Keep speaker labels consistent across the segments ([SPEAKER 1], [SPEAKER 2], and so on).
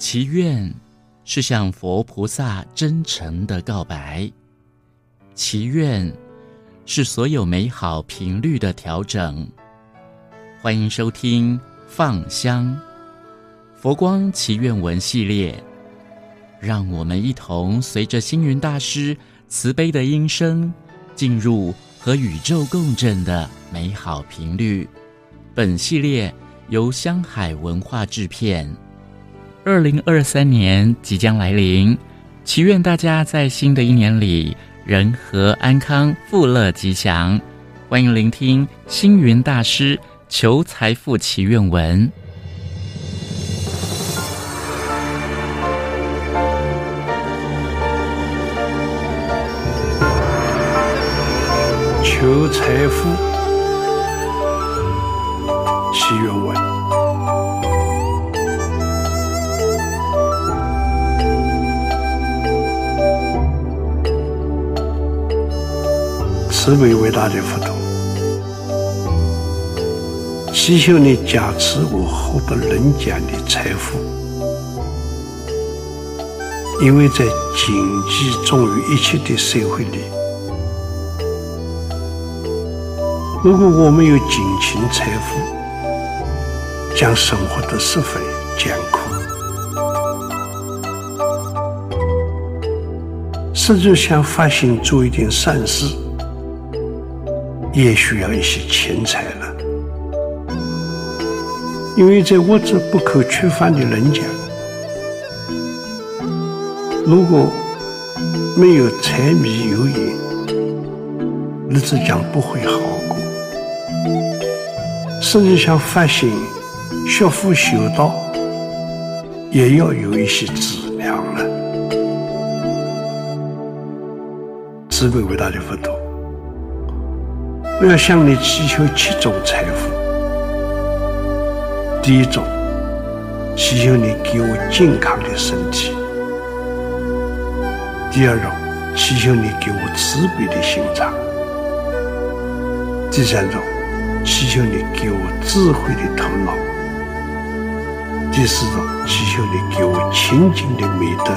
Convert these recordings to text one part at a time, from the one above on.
[SPEAKER 1] 祈願是向佛菩薩真誠的告白，祈願是所有美好頻率的調整。歡迎收聽《Fun 香佛光祈願文》系列，讓我們一同隨着星雲大師慈悲的音聲，進入和宇宙共振的美好頻率。本系列由香海文化製片。二零二三年即將來臨，祈願大家在新的一年裡，仁和安康、富樂吉祥。歡迎聆聽星雲大師求財富祈願文。
[SPEAKER 2] 求財富，祈願文。慈悲偉大的佛陀，祈求你加持我獲得人間的財富，因為在經濟重於一切的社會裡，如果我們沒有金錢財富，將生活得十分艱苦，甚至想發心做一點善事。也需要一些錢財了，因為在物質不可缺乏的人家，如果沒有柴米油鹽，日子將不會好過。甚至像發心學佛修道，也要有一些資糧了。慈悲偉大的佛陀。我要向你祈求七種財富：第一種，祈求你給我健康的身體；第二種，祈求你給我慈悲的心腸；第三種，祈求你給我智慧的頭腦；第四種，祈求你給我清淨的美德；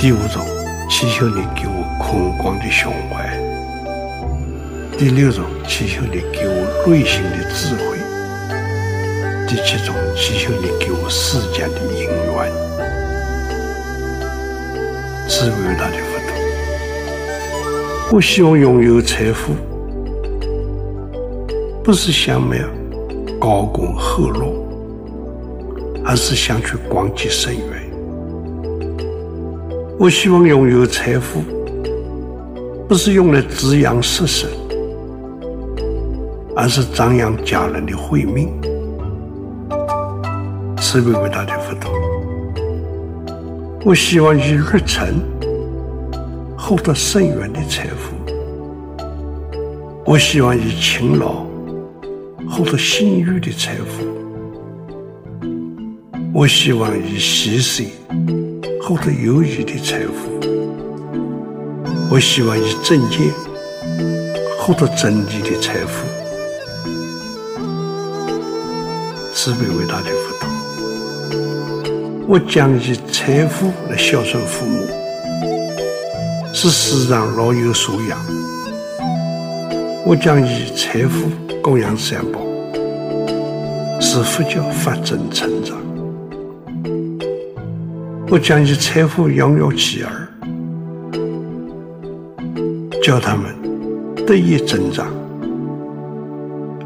[SPEAKER 2] 第五種，祈求你給我寬廣的胸懷。第六種，祈求你給我內心的智慧；第七種，祈求你給我世間的姻緣。是偉大的佛陀。我希望擁有財富，不是想要高官厚祿，而是想去廣結善緣。我希望擁有財富，不是用來滋養色身。而是張揚家人的慧命，慈悲偉大的佛陀。我希望以熱忱獲得深遠的財富；我希望以勤勞獲得幸運的財富；我希望以犧牲獲得友誼的財富；我希望以正見獲得真理的財富。慈悲偉大的佛陀，我將以財富來孝順父母，使世上老有所養；我將以財富供養三寶，使佛教發展成長；我將以財富養育妻兒，教他們得以成長；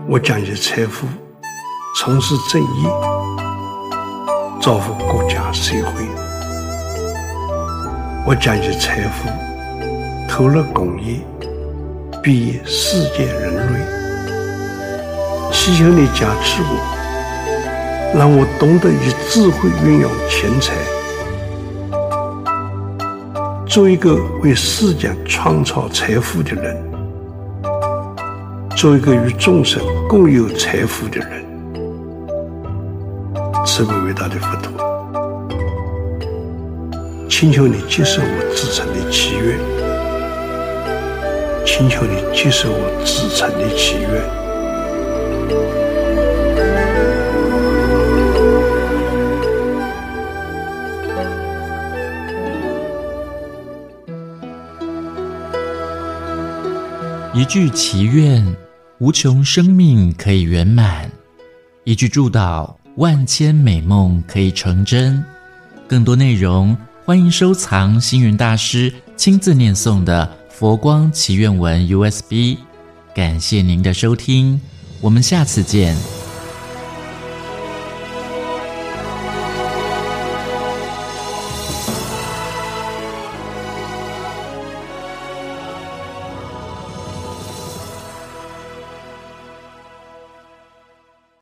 [SPEAKER 2] 我將以財富，從事正義，造福國家社會。我將以財富，投入公益，利益世界人類。祈求你加持我，讓我懂得以智慧運用錢財，做一個為世界創造財富的人，做一個與眾生共有財富的人。這麼、個、偉大的佛陀，請求你接受我至誠的祈願。請求你接受我至誠的祈願。
[SPEAKER 1] 一句祈願，無窮生命可以圓滿；一句祝禱，萬千美夢可以成真，更多內容，歡迎收藏星雲大師親自念誦的《佛光祈願文》USB。感謝您的收聽，我們下次見。